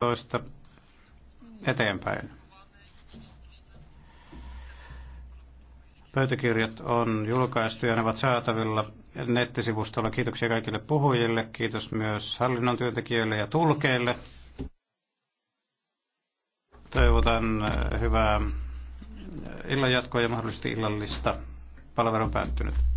2015 eteenpäin. Pöytäkirjat on julkaistu ja ne ovat saatavilla nettisivustolla. Kiitoksia kaikille puhujille, kiitos myös hallinnon työntekijöille ja tulkeille. Toivotan äh, hyvää äh, illanjatkoa ja mahdollisesti illallista. Palvelu on päättynyt.